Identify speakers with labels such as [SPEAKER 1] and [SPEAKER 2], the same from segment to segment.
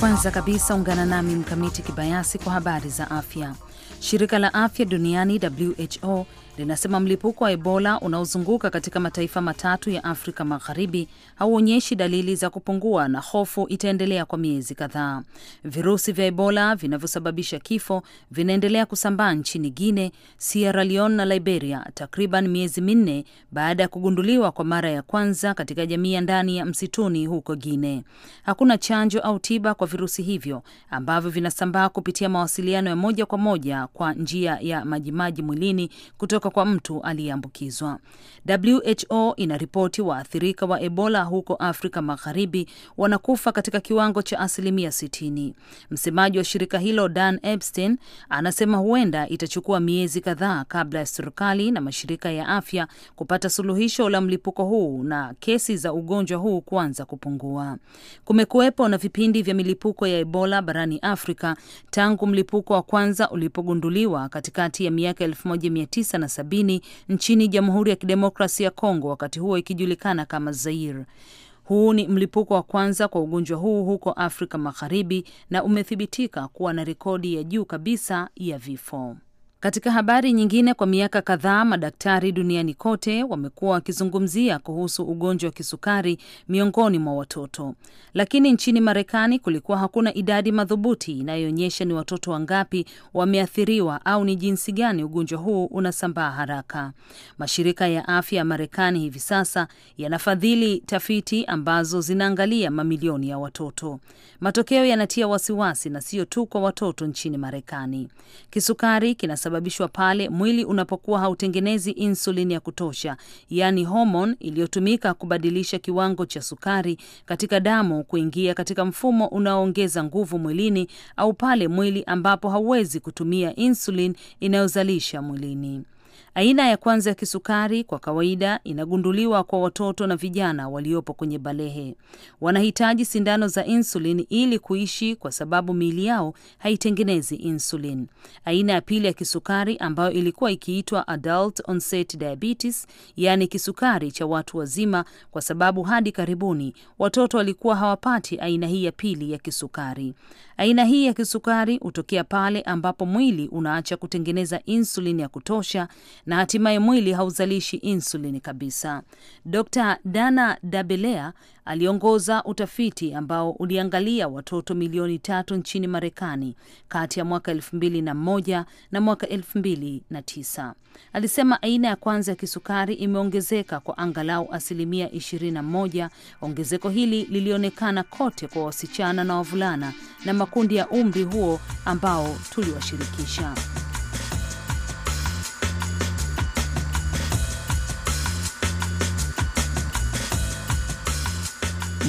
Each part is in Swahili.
[SPEAKER 1] Kwanza kabisa ungana nami Mkamiti Kibayasi kwa habari za afya. Shirika la afya duniani WHO linasema mlipuko wa Ebola unaozunguka katika mataifa matatu ya Afrika Magharibi hauonyeshi dalili za kupungua na hofu itaendelea kwa miezi kadhaa. Virusi vya Ebola vinavyosababisha kifo vinaendelea kusambaa nchini Guine, Sierra Leone na Liberia, takriban miezi minne baada ya kugunduliwa kwa mara ya kwanza katika jamii ya ndani ya msituni huko Guine. Hakuna chanjo au tiba kwa virusi hivyo ambavyo vinasambaa kupitia mawasiliano ya moja kwa moja kwa njia ya majimaji mwilini kutoka kutoka kwa mtu aliyeambukizwa. WHO inaripoti waathirika wa Ebola huko Afrika Magharibi wanakufa katika kiwango cha asilimia 60. Msemaji wa shirika hilo Dan Epstein anasema huenda itachukua miezi kadhaa kabla ya serikali na mashirika ya afya kupata suluhisho la mlipuko huu na kesi za ugonjwa huu kuanza kupungua. Kumekuwepo na vipindi vya milipuko ya Ebola barani Afrika tangu mlipuko wa kwanza ulipogunduliwa katikati ya miaka 1970 sabini nchini Jamhuri ya kidemokrasi ya Kongo, wakati huo ikijulikana kama Zair. Huu ni mlipuko wa kwanza kwa ugonjwa huu huko Afrika Magharibi na umethibitika kuwa na rekodi ya juu kabisa ya vifo. Katika habari nyingine, kwa miaka kadhaa madaktari duniani kote wamekuwa wakizungumzia kuhusu ugonjwa wa kisukari miongoni mwa watoto, lakini nchini Marekani kulikuwa hakuna idadi madhubuti inayoonyesha ni watoto wangapi wameathiriwa au ni jinsi gani ugonjwa huu unasambaa haraka. Mashirika ya afya ya Marekani hivi sasa yanafadhili tafiti ambazo zinaangalia mamilioni ya watoto. Matokeo yanatia wasiwasi, na sio tu kwa watoto nchini Marekani. Kisukari kina husababishwa pale mwili unapokuwa hautengenezi insulini ya kutosha, yaani homon iliyotumika kubadilisha kiwango cha sukari katika damu kuingia katika mfumo unaoongeza nguvu mwilini, au pale mwili ambapo hauwezi kutumia insulin inayozalisha mwilini. Aina ya kwanza ya kisukari kwa kawaida inagunduliwa kwa watoto na vijana waliopo kwenye balehe. Wanahitaji sindano za insulin ili kuishi kwa sababu miili yao haitengenezi insulin. Aina ya pili ya kisukari ambayo ilikuwa ikiitwa adult onset diabetes, yaani kisukari cha watu wazima, kwa sababu hadi karibuni watoto walikuwa hawapati aina hii ya pili ya kisukari. Aina hii ya kisukari hutokea pale ambapo mwili unaacha kutengeneza insulin ya kutosha na hatimaye mwili hauzalishi insulini kabisa. Dr. Dana Dabelea aliongoza utafiti ambao uliangalia watoto milioni tatu nchini Marekani kati ya mwaka elfu mbili na moja na mwaka elfu mbili na tisa. Alisema aina ya kwanza ya kisukari imeongezeka kwa angalau asilimia 21. Ongezeko hili lilionekana kote kwa wasichana na wavulana na makundi ya umri huo ambao tuliwashirikisha.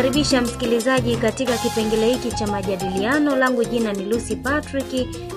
[SPEAKER 2] kukaribisha msikilizaji katika kipengele hiki cha majadiliano langu jina ni lucy patrick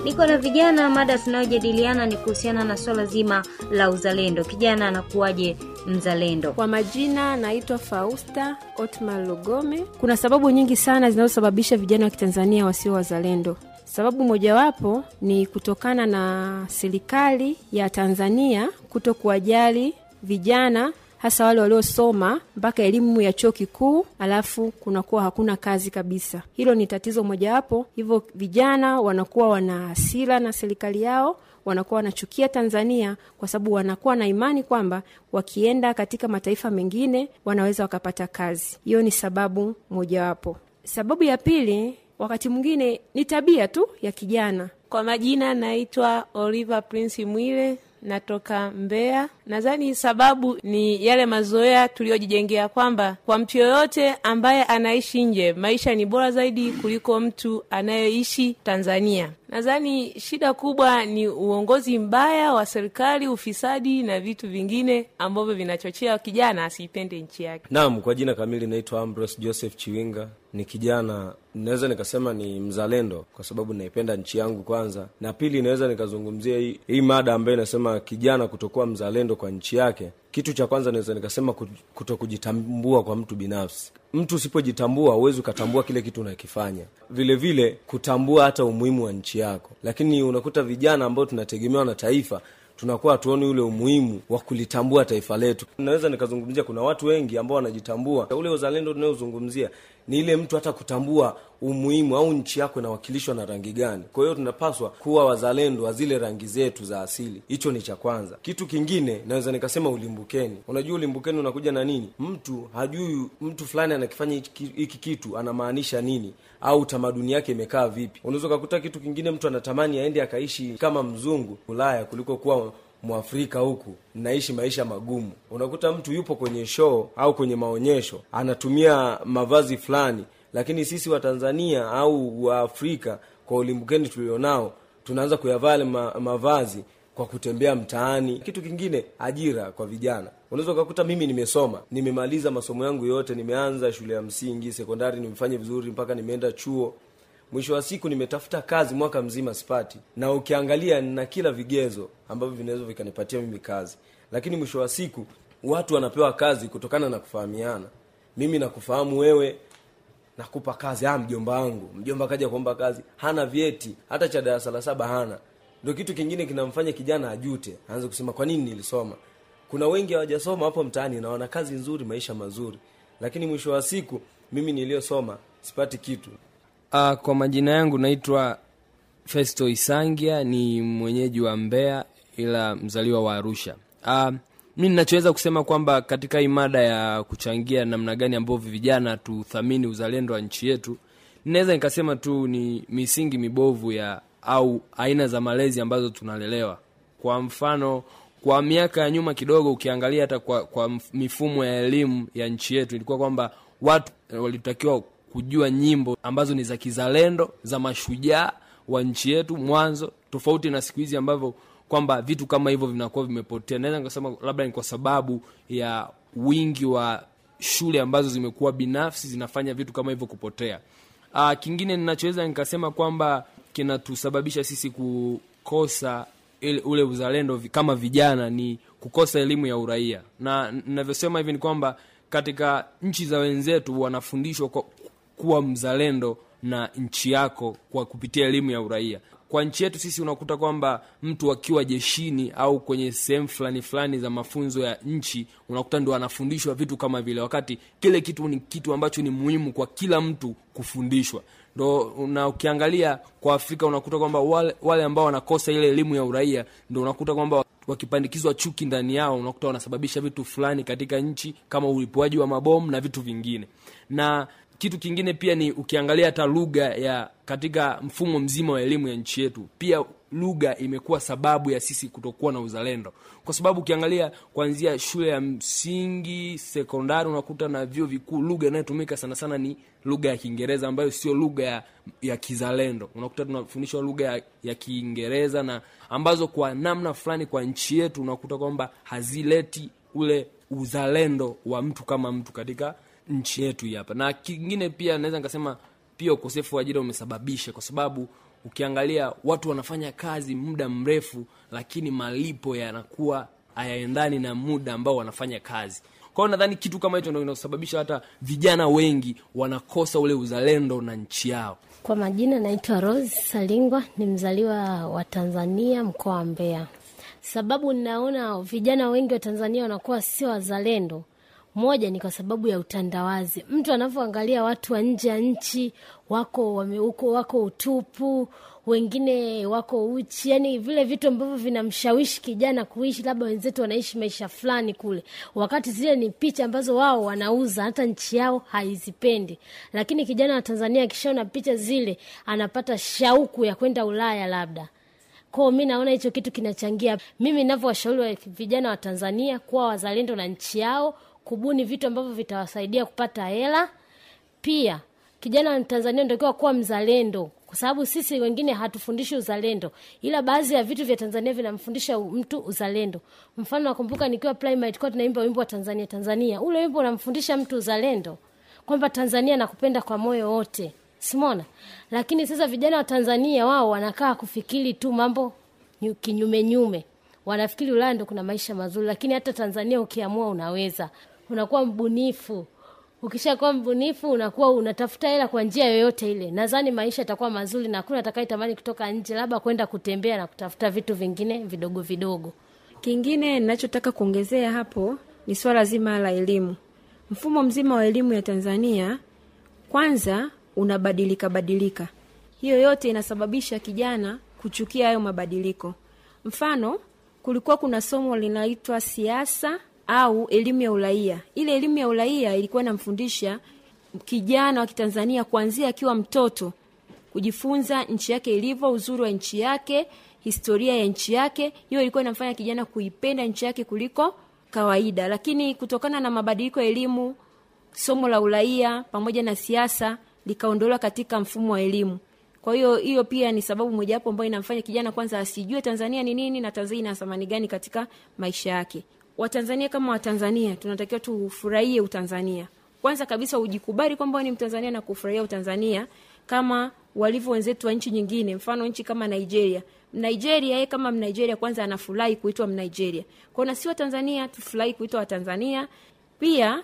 [SPEAKER 2] niko na vijana mada tunayojadiliana ni kuhusiana na swala zima la uzalendo kijana anakuwaje mzalendo kwa majina naitwa fausta otma
[SPEAKER 3] lugome kuna sababu nyingi sana zinazosababisha vijana wa kitanzania wasio wazalendo Sababu mojawapo ni kutokana na serikali ya Tanzania kuto kuwajali vijana hasa wale waliosoma mpaka elimu ya chuo kikuu, alafu kunakuwa hakuna kazi kabisa. Hilo ni tatizo mojawapo. Hivyo vijana wanakuwa wana hasira na serikali yao, wanakuwa wanachukia Tanzania kwa sababu wanakuwa na imani kwamba wakienda katika mataifa mengine wanaweza wakapata kazi. Hiyo ni sababu mojawapo. Sababu ya pili, wakati mwingine ni tabia tu ya kijana. Kwa majina naitwa Oliver Prince Mwile, natoka Mbeya. Nadhani sababu ni yale mazoea tuliyojijengea kwamba kwa mtu yoyote ambaye anaishi nje, maisha ni bora zaidi kuliko mtu anayeishi Tanzania. Nadhani shida kubwa ni uongozi mbaya wa serikali, ufisadi na vitu vingine ambavyo vinachochea kijana asiipende nchi yake.
[SPEAKER 4] Naam, kwa jina kamili naitwa Ambrose Joseph Chiwinga ni kijana, naweza nikasema ni mzalendo, kwa sababu naipenda nchi yangu kwanza, na pili, naweza nikazungumzia hii hii mada ambayo inasema kijana kutokuwa mzalendo kwa nchi yake. Kitu cha kwanza naweza nikasema kuto kujitambua kwa mtu binafsi. Mtu usipojitambua huwezi ukatambua kile kitu unakifanya, vilevile kutambua hata umuhimu wa nchi yako. Lakini unakuta vijana ambao tunategemewa na taifa tunakuwa hatuoni ule umuhimu wa kulitambua taifa letu. Naweza nikazungumzia kuna watu wengi ambao wanajitambua, ule uzalendo unaozungumzia ni ile mtu hata kutambua umuhimu au nchi yako inawakilishwa na rangi gani. Kwa hiyo tunapaswa kuwa wazalendo wa zile rangi zetu za asili. Hicho ni cha kwanza. Kitu kingine naweza nikasema ulimbukeni. Unajua ulimbukeni unakuja na nini? Mtu hajui mtu fulani anakifanya hiki kitu anamaanisha nini, au tamaduni yake imekaa vipi. Unaweza ukakuta kitu kingine mtu anatamani aende akaishi kama mzungu Ulaya kuliko kuwa mwafrika huku naishi maisha magumu. Unakuta mtu yupo kwenye shoo au kwenye maonyesho anatumia mavazi fulani, lakini sisi Watanzania au Waafrika kwa ulimbukeni tulionao tunaanza kuyavaa ma, mavazi kwa kutembea mtaani. Kitu kingine, ajira kwa vijana. Unaweza ukakuta mimi nimesoma, nimemaliza masomo yangu yote, nimeanza shule ya msingi, sekondari, nimefanya vizuri mpaka nimeenda chuo, Mwisho wa siku nimetafuta kazi mwaka mzima sipati, na ukiangalia na kila vigezo ambavyo vinaweza vikanipatia mimi kazi, lakini mwisho wa siku watu wanapewa kazi kutokana na kufahamiana. Mimi nakufahamu wewe, nakupa kazi. Ah, mjomba wangu, mjomba kaja kuomba kazi, hana vyeti hata cha darasa la saba hana. ndo kitu kingine kinamfanya kijana ajute, aanze kusema kwa nini nilisoma. Kuna wengi hawajasoma hapo mtaani na wana kazi nzuri, maisha mazuri, lakini mwisho wa siku mimi niliyosoma sipati kitu.
[SPEAKER 5] Uh, kwa majina yangu naitwa Festo Isangia, ni mwenyeji wa Mbeya ila mzaliwa wa Arusha. Uh, mi ninachoweza kusema kwamba katika hii mada ya kuchangia namna gani ambavyo vijana tuthamini uzalendo wa nchi yetu, ninaweza nikasema tu ni misingi mibovu ya au aina za malezi ambazo tunalelewa. Kwa mfano, kwa miaka ya nyuma kidogo, ukiangalia hata kwa, kwa mifumo ya elimu ya nchi yetu ilikuwa kwamba watu walitakiwa kujua nyimbo ambazo ni za kizalendo za mashujaa wa nchi yetu mwanzo, tofauti na siku hizi ambavyo kwamba vitu kama hivyo vinakuwa vimepotea. Naweza nikasema labda ni kwa sababu ya wingi wa shule ambazo zimekuwa binafsi zinafanya vitu kama hivyo kupotea. Aa, ah, kingine ninachoweza nikasema kwamba kinatusababisha sisi kukosa ule uzalendo kama vijana ni kukosa elimu ya uraia, na ninavyosema hivi ni kwamba katika nchi za wenzetu wanafundishwa kuwa mzalendo na nchi yako kwa kupitia elimu ya uraia. Kwa nchi yetu sisi unakuta kwamba mtu akiwa jeshini au kwenye sehemu fulani fulani za mafunzo ya nchi, unakuta ndo anafundishwa vitu kama vile, wakati kile kitu ni kitu ambacho ni muhimu kwa kila mtu kufundishwa. Ndo na ukiangalia kwa Afrika unakuta kwamba wale, wale ambao wanakosa ile elimu ya uraia ndo unakuta kwamba wakipandikizwa chuki ndani yao unakuta wanasababisha vitu fulani katika nchi kama ulipuaji wa mabomu na vitu vingine na kitu kingine pia ni ukiangalia hata lugha ya katika mfumo mzima wa elimu ya nchi yetu, pia lugha imekuwa sababu ya sisi kutokuwa na uzalendo, kwa sababu ukiangalia kuanzia shule ya msingi, sekondari, unakuta na vyo vikuu, lugha inayotumika sana sana ni lugha ya Kiingereza ambayo sio lugha ya, ya kizalendo. Unakuta tunafundishwa lugha ya, ya Kiingereza na ambazo kwa namna fulani kwa nchi yetu unakuta kwamba hazileti ule uzalendo wa mtu kama mtu katika nchi yetu hapa. Na kingine pia naweza nikasema pia ukosefu wa ajira umesababisha, kwa sababu ukiangalia watu wanafanya kazi muda mrefu, lakini malipo yanakuwa hayaendani na muda ambao wanafanya kazi. Kwa hiyo nadhani kitu kama hicho ndio kinasababisha hata vijana wengi wanakosa ule uzalendo na nchi yao.
[SPEAKER 2] Kwa majina naitwa Rose Salingwa, ni mzaliwa wa Tanzania, mkoa wa Mbeya. Sababu ninaona vijana wengi wa Tanzania wanakuwa sio wazalendo moja ni kwa sababu ya utandawazi, mtu anavyoangalia watu wa nje ya nchi wako wameuko, wako utupu, wengine wako uchi, yani vile vitu ambavyo vinamshawishi kijana kuishi, labda wenzetu wanaishi maisha fulani kule, wakati zile ni picha ambazo wao wanauza, hata nchi yao haizipendi. Lakini kijana wa Tanzania akishaona picha zile anapata shauku ya kwenda Ulaya labda kwao. Mi naona hicho kitu kinachangia. Mimi navyowashauri vijana wa Tanzania kuwa wazalendo na nchi yao kubuni vitu ambavyo vitawasaidia kupata hela. Pia kijana wa Tanzania ndokiwa kuwa mzalendo, kwa sababu sisi wengine hatufundishi uzalendo, ila baadhi ya vitu vya Tanzania vinamfundisha mtu uzalendo. Mfano, nakumbuka nikiwa primary tunaimba wimbo wa Tanzania Tanzania, ule wimbo unamfundisha mtu uzalendo kwamba Tanzania nakupenda kwa moyo wote, simona. Lakini sasa vijana wa Tanzania wao wanakaa kufikiri tu mambo kinyumenyume wanafikiri Ulaya ndo kuna maisha mazuri, lakini hata Tanzania ukiamua unaweza unakuwa mbunifu ukishakuwa mbunifu unakuwa unatafuta hela kwa njia yoyote ile nadhani maisha yatakuwa mazuri na hakuna atakayetamani kutoka nje labda kwenda kutembea na kutafuta vitu vingine vidogo vidogo kingine ninachotaka
[SPEAKER 3] kuongezea hapo ni swala zima la elimu mfumo mzima wa elimu ya tanzania kwanza unabadilika badilika hiyo yote inasababisha kijana kuchukia hayo mabadiliko mfano kulikuwa kuna somo linaitwa siasa au elimu ya uraia. Ile elimu ya uraia ilikuwa inamfundisha kijana wa Kitanzania kuanzia akiwa mtoto kujifunza nchi yake ilivyo, uzuri wa nchi yake, historia ya nchi yake. Hiyo ilikuwa inamfanya kijana kuipenda nchi yake kuliko kawaida, lakini kutokana na mabadiliko ya elimu, somo la uraia pamoja na siasa likaondolewa katika mfumo wa elimu. Kwa hiyo hiyo pia ni sababu mojawapo ambayo inamfanya kijana kwanza asijue Tanzania ni nini na Tanzania ina thamani gani katika maisha yake. Watanzania kama Watanzania tunatakiwa tufurahie Utanzania. Kwanza kabisa ujikubali kwamba ni Mtanzania na kufurahia Utanzania kama walivyo wenzetu wa nchi nyingine, mfano nchi kama Nigeria. Nigeria ye kama Mnigeria kwanza anafurahi kuitwa Mnigeria. Kwa na si Watanzania tufurahi kuitwa Watanzania. Pia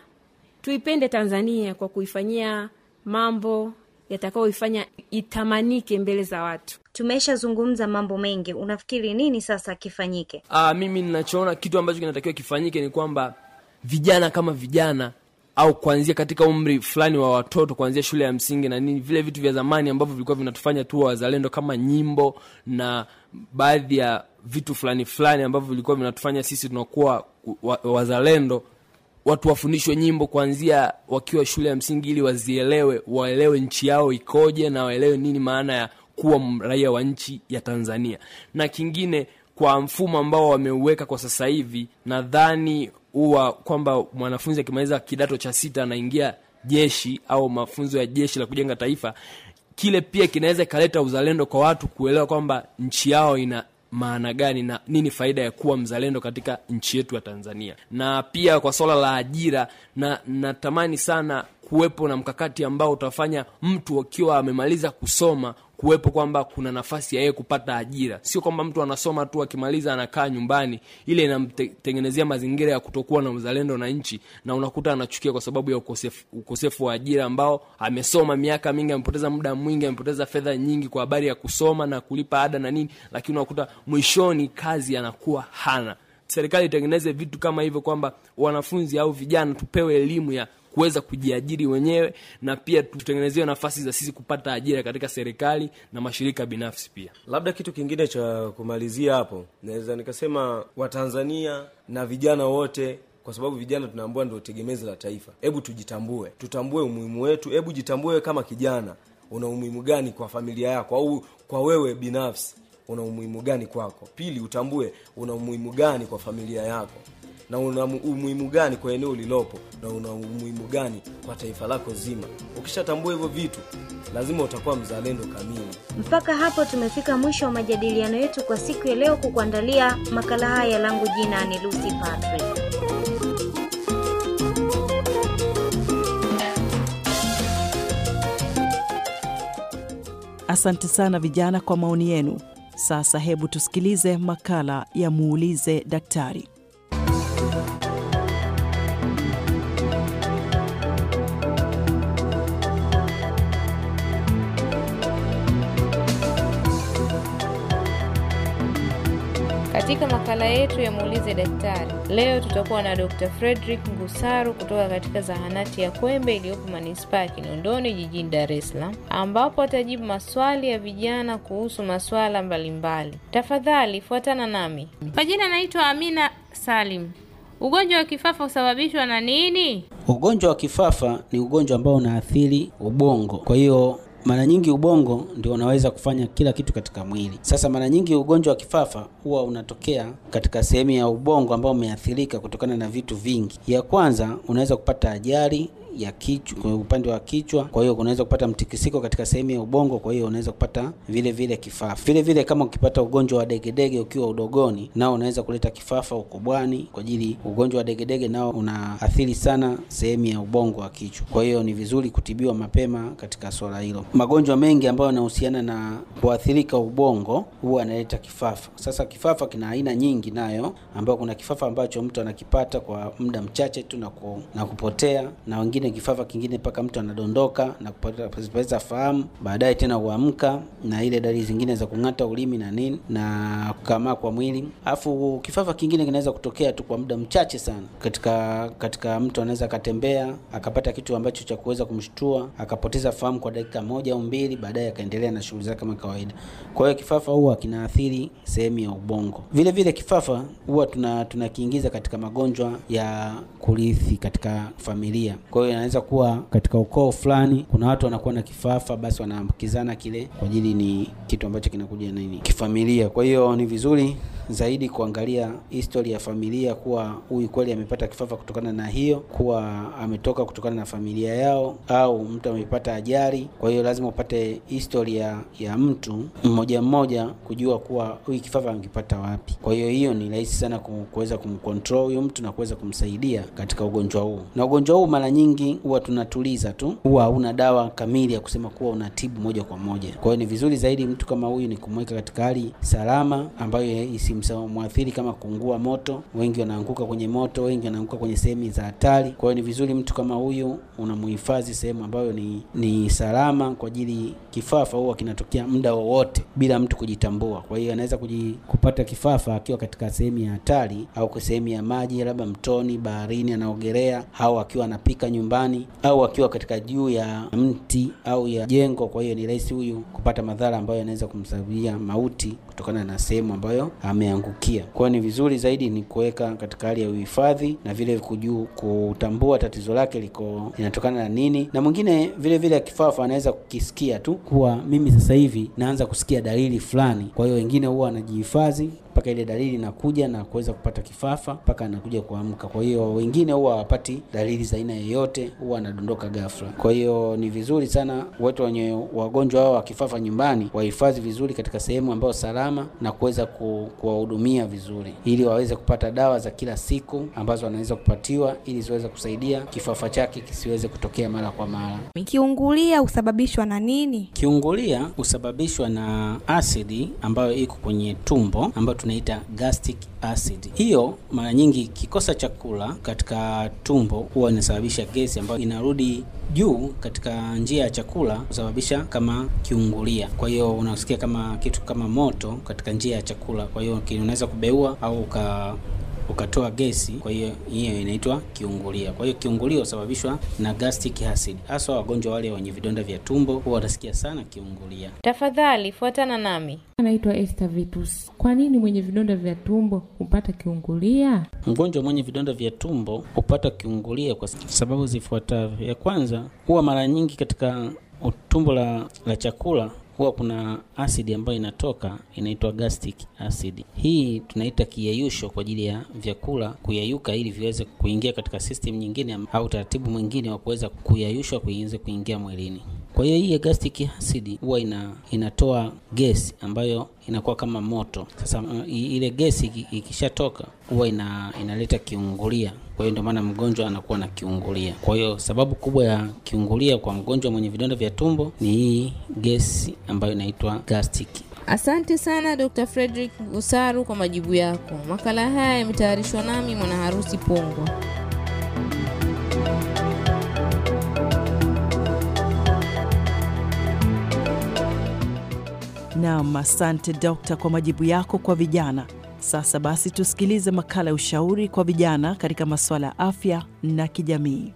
[SPEAKER 3] tuipende Tanzania kwa kuifanyia mambo yatakayoifanya itamanike mbele za watu. Tumeshazungumza
[SPEAKER 2] mambo mengi, unafikiri nini sasa kifanyike?
[SPEAKER 5] Aa, ah, mimi ninachoona kitu ambacho kinatakiwa kifanyike ni kwamba vijana kama vijana au kuanzia katika umri fulani wa watoto kuanzia shule ya msingi na nini, vile vitu vya zamani ambavyo vilikuwa vinatufanya tu wazalendo kama nyimbo na baadhi ya vitu fulani fulani ambavyo vilikuwa vinatufanya sisi tunakuwa wazalendo watu wafundishwe nyimbo kuanzia wakiwa shule ya msingi, ili wazielewe, waelewe nchi yao ikoje na waelewe nini maana ya kuwa raia wa nchi ya Tanzania. Na kingine, kwa mfumo ambao wameuweka kwa sasa hivi, nadhani huwa kwamba mwanafunzi akimaliza kidato cha sita anaingia jeshi au mafunzo ya jeshi la kujenga taifa. Kile pia kinaweza ikaleta uzalendo kwa watu kuelewa kwamba nchi yao ina maana gani na nini faida ya kuwa mzalendo katika nchi yetu ya Tanzania. Na pia kwa swala la ajira, na natamani sana kuwepo na mkakati ambao utafanya mtu akiwa amemaliza kusoma kuwepo kwamba kuna nafasi ya yeye kupata ajira, sio kwamba mtu anasoma tu akimaliza anakaa nyumbani. Ile inamtengenezea mazingira ya kutokuwa na uzalendo na nchi, na unakuta anachukia kwa sababu ya ukosefu, ukosefu wa ajira, ambao amesoma miaka mingi, amepoteza muda mwingi, amepoteza fedha nyingi kwa habari ya kusoma na kulipa ada na nini, lakini unakuta mwishoni kazi anakuwa hana. Serikali itengeneze vitu kama hivyo, kwamba wanafunzi au vijana tupewe elimu ya kuweza kujiajiri wenyewe na pia tutengenezewe nafasi za sisi kupata ajira katika serikali na mashirika binafsi pia.
[SPEAKER 4] Labda kitu kingine cha kumalizia hapo, naweza nikasema Watanzania na vijana wote kwa sababu vijana tunaambua ndio tegemezi la taifa. Hebu tujitambue, tutambue umuhimu wetu. Hebu jitambue kama kijana, una umuhimu gani kwa familia yako au kwa wewe binafsi, una umuhimu gani kwako? Pili, utambue una umuhimu gani kwa familia yako na una umuhimu gani kwa eneo ulilopo na una umuhimu gani kwa taifa lako zima. Ukishatambua hivyo vitu, lazima utakuwa mzalendo kamili.
[SPEAKER 2] Mpaka hapo tumefika mwisho wa majadiliano yetu kwa siku ya leo. Kukuandalia makala haya, langu jina ni lusi Patrick.
[SPEAKER 6] Asante sana vijana kwa maoni yenu. Sasa hebu tusikilize makala ya muulize daktari.
[SPEAKER 3] Katika makala yetu ya muulize daktari leo, tutakuwa na Dr. Frederick Ngusaru kutoka katika zahanati ya Kwembe iliyopo manispaa ya Kinondoni jijini Dar es Salaam, ambapo atajibu maswali ya vijana kuhusu masuala mbalimbali. Tafadhali fuatana nami. Kwa jina naitwa Amina Salim. Ugonjwa wa kifafa husababishwa na nini?
[SPEAKER 7] Ugonjwa wa kifafa ni ugonjwa ambao unaathiri ubongo, kwa hiyo mara nyingi ubongo ndio unaweza kufanya kila kitu katika mwili. Sasa mara nyingi ugonjwa wa kifafa huwa unatokea katika sehemu ya ubongo ambao umeathirika kutokana na vitu vingi. Ya kwanza, unaweza kupata ajali ya kichwa, upande wa kichwa. Kwa hiyo unaweza kupata mtikisiko katika sehemu ya ubongo, kwa hiyo unaweza kupata vile vile kifafa. Vile vile kama ukipata ugonjwa wa degedege ukiwa udogoni, nao unaweza kuleta kifafa ukubwani, kwa ajili ugonjwa wa degedege nao unaathiri sana sehemu ya ubongo wa kichwa. Kwa hiyo ni vizuri kutibiwa mapema katika swala hilo. Magonjwa mengi ambayo yanahusiana na kuathirika ubongo huwa analeta kifafa. Sasa kifafa kina aina nyingi nayo, ambayo kuna kifafa ambacho mtu anakipata kwa muda mchache tu na, ku, na kupotea na wengine kingine kifafa kingine mpaka mtu anadondoka na kupoteza fahamu, baadaye tena huamka na ile dalili zingine za kung'ata ulimi na nini na kukamaa kwa mwili. Afu kifafa kingine kinaweza kutokea tu kwa muda mchache sana katika katika mtu anaweza akatembea akapata kitu ambacho cha kuweza kumshtua akapoteza fahamu kwa dakika moja au mbili, baadaye akaendelea na shughuli zake kama kawaida. Kwa hiyo kifafa huwa kinaathiri sehemu ya ubongo. Vile vile kifafa huwa tunakiingiza tuna katika magonjwa ya kurithi katika familia, kwa hiyo inaweza kuwa katika ukoo fulani, kuna watu wanakuwa na kifafa, basi wanaambukizana kile, kwa ajili ni kitu ambacho kinakuja nini kifamilia. Kwa hiyo ni vizuri zaidi kuangalia historia ya familia, kuwa huyu kweli amepata kifafa kutokana na hiyo, kuwa ametoka kutokana na familia yao, au mtu amepata ajali. Kwa hiyo lazima upate historia ya mtu mmoja mmoja, kujua kuwa huyu kifafa amekipata wapi. Kwa hiyo hiyo ni rahisi sana kuweza kumcontrol huyu mtu na kuweza kumsaidia katika ugonjwa huu, na ugonjwa huu mara nyingi nyingi huwa tunatuliza tu, huwa hauna dawa kamili ya kusema kuwa unatibu moja kwa moja. Kwa hiyo ni vizuri zaidi mtu kama huyu ni kumweka katika hali salama ambayo isimwathiri kama kuungua moto. Wengi wanaanguka kwenye moto, wengi wanaanguka kwenye sehemu za hatari. Kwa hiyo ni vizuri mtu kama huyu unamhifadhi sehemu ambayo ni, ni salama kwa ajili kifafa huwa kinatokea muda wowote bila mtu kujitambua. Kwa hiyo anaweza kupata kifafa akiwa katika sehemu ya hatari au sehemu ya maji, labda mtoni, baharini, anaogelea au akiwa anapika nyumbani nyumbani au akiwa katika juu ya mti au ya jengo. Kwa hiyo ni rahisi huyu kupata madhara ambayo yanaweza kumsababia mauti kutokana na sehemu ambayo ameangukia. Kwa ni vizuri zaidi ni kuweka katika hali ya uhifadhi na vile kujua kutambua tatizo lake liko linatokana na nini, na mwingine vile vile akifafa anaweza kukisikia tu kuwa mimi sasa hivi naanza kusikia dalili fulani. Kwa hiyo wengine huwa anajihifadhi mpaka ile dalili inakuja na kuweza kupata kifafa mpaka anakuja kuamka. Kwa hiyo wengine huwa hawapati dalili za aina yoyote, huwa anadondoka ghafla. Kwa hiyo ni vizuri sana watu wenye wagonjwa hao wa kifafa nyumbani wahifadhi vizuri katika sehemu ambayo salama salama na kuweza kuwahudumia vizuri, ili waweze kupata dawa za kila siku ambazo wanaweza kupatiwa ili ziweze kusaidia kifafa chake kisiweze kutokea mara kwa mara.
[SPEAKER 1] Kiungulia husababishwa na nini?
[SPEAKER 7] Kiungulia husababishwa na asidi ambayo iko kwenye tumbo ambayo tunaita gastric acid. Hiyo mara nyingi kikosa chakula katika tumbo huwa inasababisha gesi ambayo inarudi juu katika njia ya chakula kusababisha kama kiungulia. Kwa hiyo unasikia kama kitu kama moto katika njia ya chakula, kwa hiyo unaweza kubeua au uka ukatoa gesi, kwa hiyo hiyo inaitwa kiungulia. Kwa hiyo kiungulia husababishwa na gastric acid, hasa wagonjwa wale wenye vidonda vya tumbo huwa watasikia sana kiungulia.
[SPEAKER 3] Tafadhali fuatana nami. Anaitwa Esther Vitus. Kwa nini mwenye vidonda vya tumbo hupata kiungulia?
[SPEAKER 7] Mgonjwa mwenye vidonda vya tumbo hupata kiungulia kwa sababu zifuatavyo. Ya kwanza, huwa mara nyingi katika tumbo la, la chakula huwa kuna asidi ambayo inatoka inaitwa gastric acid. Hii tunaita kiyeyusho kwa ajili ya vyakula kuyeyuka ili viweze kuingia katika system nyingine au taratibu mwingine wa kuweza kuyayushwa kuinze kuingia mwilini. Kwa hiyo hii gastric acid huwa ina, inatoa gesi ambayo inakuwa kama moto. Sasa uh, ile gesi ikishatoka huwa ina, inaleta kiungulia kwa hiyo ndio maana mgonjwa anakuwa na kiungulia. Kwa hiyo sababu kubwa ya kiungulia kwa mgonjwa mwenye vidonda vya tumbo ni hii gesi ambayo inaitwa gastric.
[SPEAKER 3] Asante sana Dr. Frederick Gusaru kwa majibu yako. Makala haya yametayarishwa nami mwana harusi
[SPEAKER 6] Pongwa. nam asante dokta kwa majibu yako kwa vijana. Sasa basi tusikilize makala ya ushauri kwa vijana katika masuala ya afya na kijamii.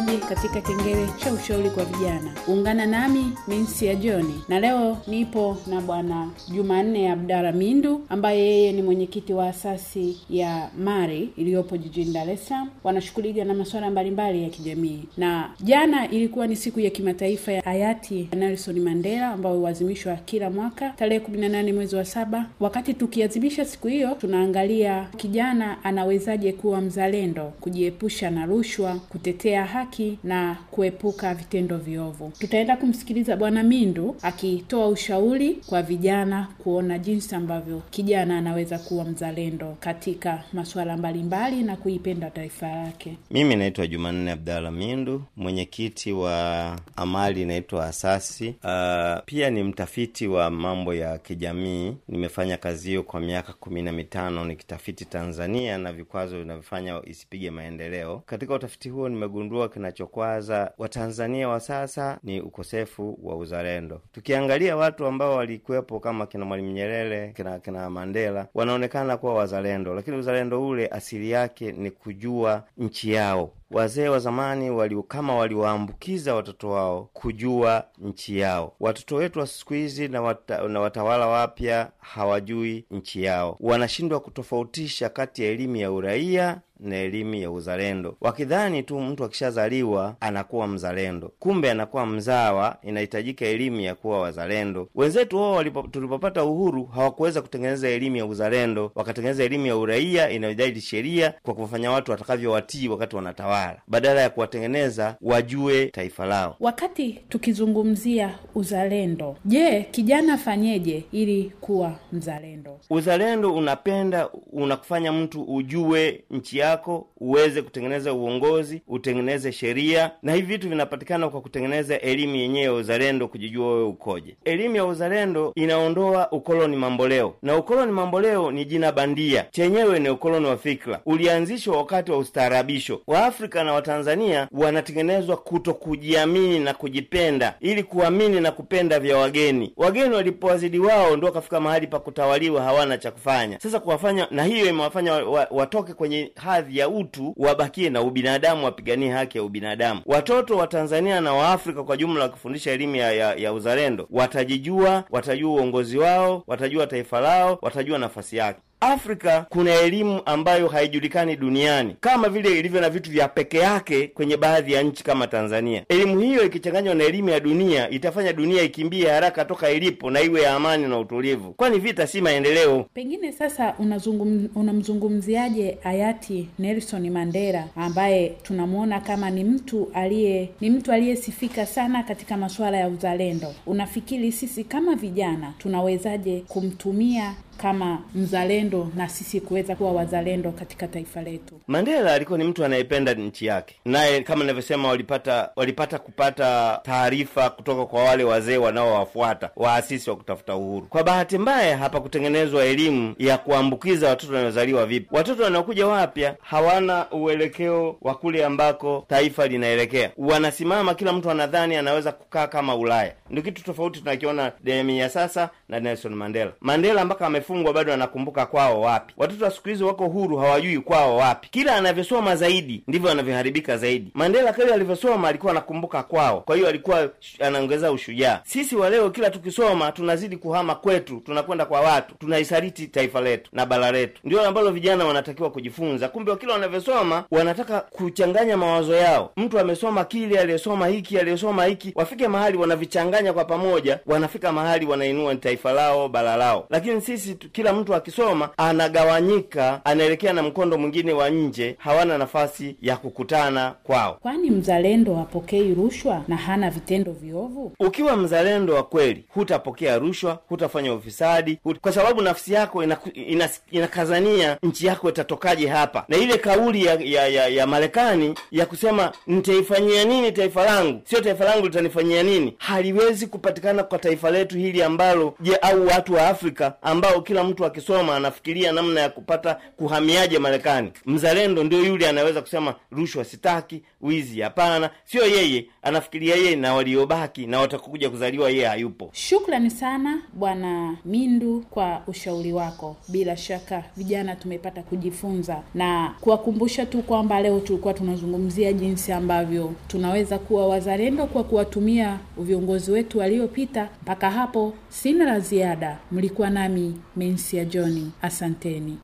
[SPEAKER 8] msikilizaji katika kengele cha ushauri kwa vijana. Ungana nami Minsia Joni, na leo nipo na Bwana Jumanne Abdara Mindu ambaye yeye ni mwenyekiti wa asasi ya Mari iliyopo jijini Dar es Wanashughulika na masuala mbalimbali ya kijamii, na jana ilikuwa ni siku ya kimataifa ya hayati Nelson Mandela ambayo huazimishwa kila mwaka tarehe kumi na nane mwezi wa saba. Wakati tukiazimisha siku hiyo, tunaangalia kijana anawezaje kuwa mzalendo, kujiepusha na rushwa, kutetea haki na kuepuka vitendo viovu. Tutaenda kumsikiliza Bwana Mindu akitoa ushauri kwa vijana kuona jinsi ambavyo kijana anaweza kuwa mzalendo katika masuala mbalimbali na kuipenda taifa lake.
[SPEAKER 9] Mimi naitwa Jumanne abdala Mindu, mwenyekiti wa amali inaitwa Asasi. Uh, pia ni mtafiti wa mambo ya kijamii. Nimefanya kazi hiyo kwa miaka kumi na mitano nikitafiti Tanzania na vikwazo vinavyofanya isipige maendeleo. Katika utafiti huo nimegundua kinachokwaza Watanzania wa sasa ni ukosefu wa uzalendo. Tukiangalia watu ambao walikuwepo kama kina Mwalimu Nyerere, kina kina Mandela, wanaonekana kuwa wazalendo, lakini uzalendo ule asili yake ni kujua nchi yao. Wazee wa zamani wali, kama waliwaambukiza watoto wao kujua nchi yao. Watoto wetu wa siku hizi na, wata, na watawala wapya hawajui nchi yao, wanashindwa kutofautisha kati ya elimu ya uraia na elimu ya uzalendo, wakidhani tu mtu akishazaliwa anakuwa mzalendo, kumbe anakuwa mzawa. Inahitajika elimu ya kuwa wazalendo. Wenzetu wao tulipopata uhuru hawakuweza kutengeneza elimu ya uzalendo, wakatengeneza elimu ya uraia inayojadi sheria kwa kuwafanya watu watakavyowatii wakati wanatawala, badala ya kuwatengeneza wajue taifa lao.
[SPEAKER 8] Wakati tukizungumzia uzalendo, je, kijana fanyeje ili kuwa mzalendo?
[SPEAKER 9] Uzalendo unapenda unakufanya mtu ujue nchi yako yako, uweze kutengeneza uongozi, utengeneze sheria, na hivi vitu vinapatikana kwa kutengeneza elimu yenyewe ya uzalendo, kujijua wewe ukoje. Elimu ya uzalendo inaondoa ukoloni mamboleo, na ukoloni mamboleo ni jina bandia, chenyewe ni ukoloni wa fikra, ulianzishwa wakati wa ustaarabisho. Waafrika na Watanzania wanatengenezwa kuto kujiamini na kujipenda, ili kuamini na kupenda vya wageni. Wageni walipowazidi wao, ndo wakafika mahali pa kutawaliwa, hawana cha kufanya. Sasa kuwafanya, na hiyo imewafanya watoke kwenye hali hadhi ya utu, wabakie na ubinadamu, wapiganie haki ya ubinadamu. Watoto wa Tanzania na Waafrika kwa jumla, wakifundisha elimu ya, ya, ya uzalendo, watajijua, watajua uongozi wao, watajua taifa lao, watajua nafasi yake. Afrika kuna elimu ambayo haijulikani duniani kama vile ilivyo na vitu vya peke yake kwenye baadhi ya nchi kama Tanzania. Elimu hiyo ikichanganywa na elimu ya dunia itafanya dunia ikimbie haraka toka ilipo na iwe ya amani na utulivu, kwani vita si maendeleo.
[SPEAKER 8] Pengine sasa unazungum, unamzungumziaje hayati Nelson Mandela ambaye tunamwona kama ni mtu aliye ni mtu aliyesifika sana katika masuala ya uzalendo. Unafikiri sisi kama vijana tunawezaje kumtumia kama mzalendo na sisi kuweza kuwa wazalendo katika taifa letu.
[SPEAKER 9] Mandela alikuwa ni mtu anayependa nchi yake, naye kama inavyosema walipata walipata kupata taarifa kutoka kwa wale wazee wanaowafuata waasisi wa kutafuta uhuru. Kwa bahati mbaya, hapakutengenezwa elimu ya kuambukiza watoto wanaozaliwa vipi. Watoto wanaokuja wapya hawana uelekeo wa kule ambako taifa linaelekea, wanasimama, kila mtu anadhani anaweza kukaa kama Ulaya. Ndio kitu tofauti tunakiona jamii ya sasa na Nelson Mandela. Mandela mpaka amefungwa bado anakumbuka kwao wapi. Watoto wa siku hizi wako huru, hawajui kwao wapi. Kila anavyosoma zaidi ndivyo anavyoharibika zaidi. Mandela kile alivyosoma alikuwa anakumbuka kwao, kwa hiyo alikuwa anaongeza ushujaa. Sisi wa leo kila tukisoma tunazidi kuhama kwetu, tunakwenda kwa watu, tunaisaliti taifa letu na bara letu. Ndio ambalo vijana wanatakiwa kujifunza. Kumbe kila wanavyosoma wanataka kuchanganya mawazo yao, mtu amesoma kile, aliyosoma hiki, aliyosoma hiki, wafike mahali wanavichanganya kwa pamoja, wanafika mahali wanainua taifa taifa lao, bara lao. Lakini sisi kila mtu akisoma anagawanyika, anaelekea na mkondo mwingine wa nje, hawana nafasi ya kukutana kwao.
[SPEAKER 8] Kwani mzalendo hapokei rushwa na hana vitendo
[SPEAKER 9] viovu? Ukiwa mzalendo wa kweli, hutapokea rushwa, hutafanya ufisadi huta... kwa sababu nafsi yako inaku... ina, inakazania nchi yako itatokaje hapa, na ile kauli ya ya, ya, ya Marekani ya kusema nitaifanyia nini taifa langu, sio taifa langu litanifanyia nini, haliwezi kupatikana kwa taifa letu hili ambalo nje au watu wa Afrika ambao kila mtu akisoma anafikiria namna ya kupata kuhamiaje Marekani. Mzalendo ndio yule anaweza kusema rushwa sitaki, wizi hapana, sio yeye anafikiria yeye na waliobaki na watakuja kuzaliwa yeye hayupo.
[SPEAKER 8] Shukrani sana Bwana Mindu kwa ushauri wako. Bila shaka vijana tumepata kujifunza na kuwakumbusha tu kwamba leo tulikuwa tunazungumzia jinsi ambavyo tunaweza kuwa wazalendo kwa kuwatumia viongozi wetu waliopita. Mpaka hapo sina la ziada. Mlikuwa nami Mensia Johni, asanteni.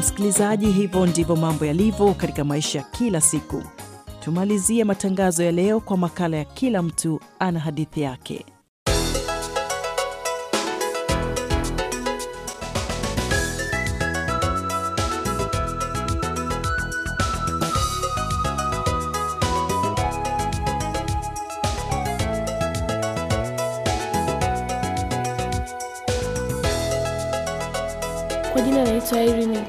[SPEAKER 6] Msikilizaji, hivyo ndivyo mambo yalivyo katika maisha ya kila siku. Tumalizie matangazo ya leo kwa makala ya kila mtu ana hadithi yake.
[SPEAKER 10] Kwa jina naitwa Irene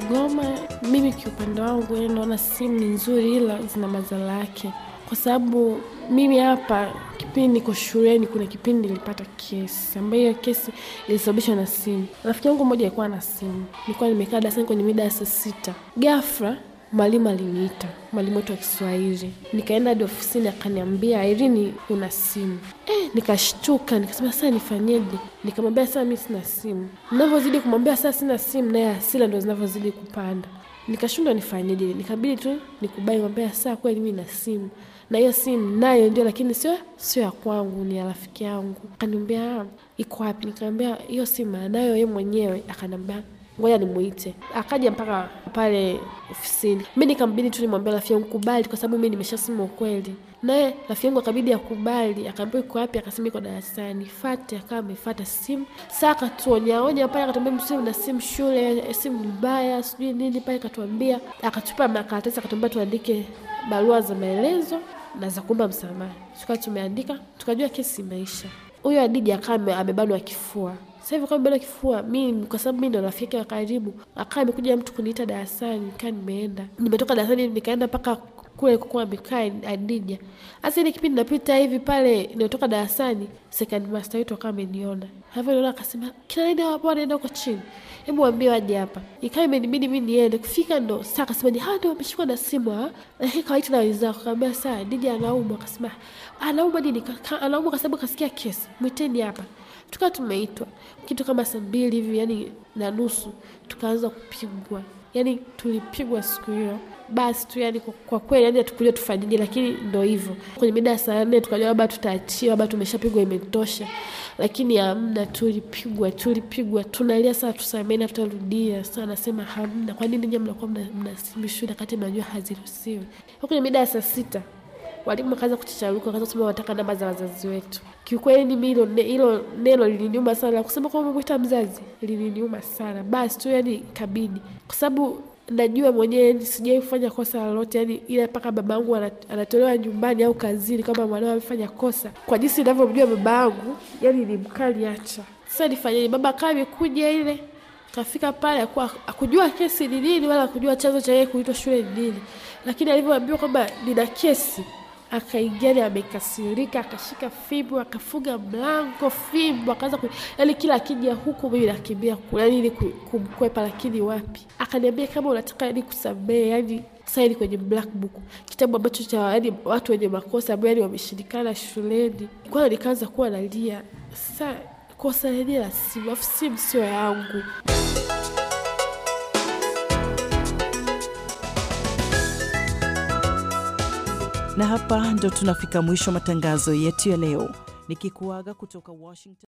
[SPEAKER 10] mimi kiupande wangu yani naona simu ni nzuri, ila zina madhara yake, kwa sababu mimi hapa kipindi niko shuleni, kuna kipindi nilipata kesi ambayo hiyo kesi ilisababishwa na simu. Rafiki yangu mmoja alikuwa na simu, nilikuwa nimekaa darasani kwenye mida ya saa sita, gafra mwalimu aliniita, mwalimu wetu wa Kiswahili. Nikaenda hadi ofisini, akaniambia airini una simu e, Nikashtuka, nikasema sasa nifanyeje? Nikamwambia sasa mi sina simu. Navyozidi kumwambia sasa sina simu, naye asila ndo zinavyozidi kupanda nikashindwa nifanyeje, nikabidi tu nikubali kwamba saa kweli mimi na simu na hiyo simu nayo ndio, lakini sio sio ya kwangu, ni ya rafiki yangu. Akaniambia ah, iko wapi? Nikamwambia hiyo simu anayo yeye mwenyewe. Akaniambia ngoja nimuite. Akaja mpaka pale ofisini, mi nikambidi tu nimwambia rafiki yangu kubali, kwa sababu mi nimeshasema ukweli. Naye rafiki yangu akabidi akubali, akaambia iko wapi, akasema iko darasani. Fate akawa amefata simu saa, akatuonyaonya pale, akatuambia msimu na simu shule, simu ni mbaya, sijui nini pale, akatuambia, akatupa makaratasi, akatuambia tuandike barua za maelezo na za kuomba msamaha. Tukawa tumeandika, tukajua kesi imeisha. Huyo Adija akawa amebanwa kifua. Sasa hivi kwa kifua mimi, kwa sababu mi ndo rafiki wa karibu, akaa amekuja mtu kuniita darasani, kaa nimeenda, nimetoka darasani nikaenda mpaka kule kukua amekaa adija. hasa ile kipindi napita hivi pale nilitoka darasani, second master wetu akawa ameniona hivyo, niona akasema, kila nini hapo anaenda huko chini, hebu waambie waje hapa. Ikawa imenibidi mi niende, kufika ndo saa akasema ni hawa ndio wameshikwa na simu, lakini kawaita na wenzako. Kaambia saa dija anaumwa, akasema anaumwa nini? Anaumwa kwa sababu kasikia kesi, mwiteni hapa tukawa tumeitwa kitu kama saa mbili hivi yani na nusu, tukaanza kupigwa yani tulipigwa siku hiyo basi tu yani kwa kweli yani hatukuja tufanyije lakini ndo hivyo. Kwenye mida ya saa nne tukajua labda tutaachiwa, labda tumeshapigwa imetosha, lakini hamna, tulipigwa tulipigwa, tunalia sana, tusameni, tutarudia sana. Nasema hamna, kwa nini nyinyi mnakuwa mnasimishuda kati mnajua haziruhusiwi? Kwenye mida ya saa sita Walimu wakaanza kuchacharuka, wakaanza kusema wanataka namba za wazazi wetu. Kiukweli mimi hilo hilo neno liliniuma sana, la kusema kwamba umemwita mzazi liliniuma sana, basi tu yani kabidi, kwa sababu najua mwenyewe sijai kufanya kosa lolote, yani ila mpaka baba yangu anatolewa nyumbani au kazini kama mwanao amefanya kosa. Kwa jinsi inavyomjua baba yangu, yani ni mkali, acha sasa nifanyeni? Baba kaa amekuja ile kafika pale, akujua kesi ni nini, wala akujua chanzo cha yeye kuitwa shule ni nini, lakini alivyoambiwa kwamba nina kesi akaigari amekasirika, akashika fimbo, akafunga mlango fimbo, akaanza ku yani, kila akija huku mimi nakimbia yani ili kumkwepa, lakini wapi. Akaniambia kama unataka yani kusamee yani saini kwenye black book, kitabu ambacho cha yani watu wenye makosa ambayo yani wameshindikana shuleni. Kwanza nikaanza kuwa nalia, sa kosa lenyewe la simu, afu simu sio yangu. ya
[SPEAKER 6] Na hapa ndo tunafika mwisho matangazo yetu ya leo, nikikuaga kutoka Washington.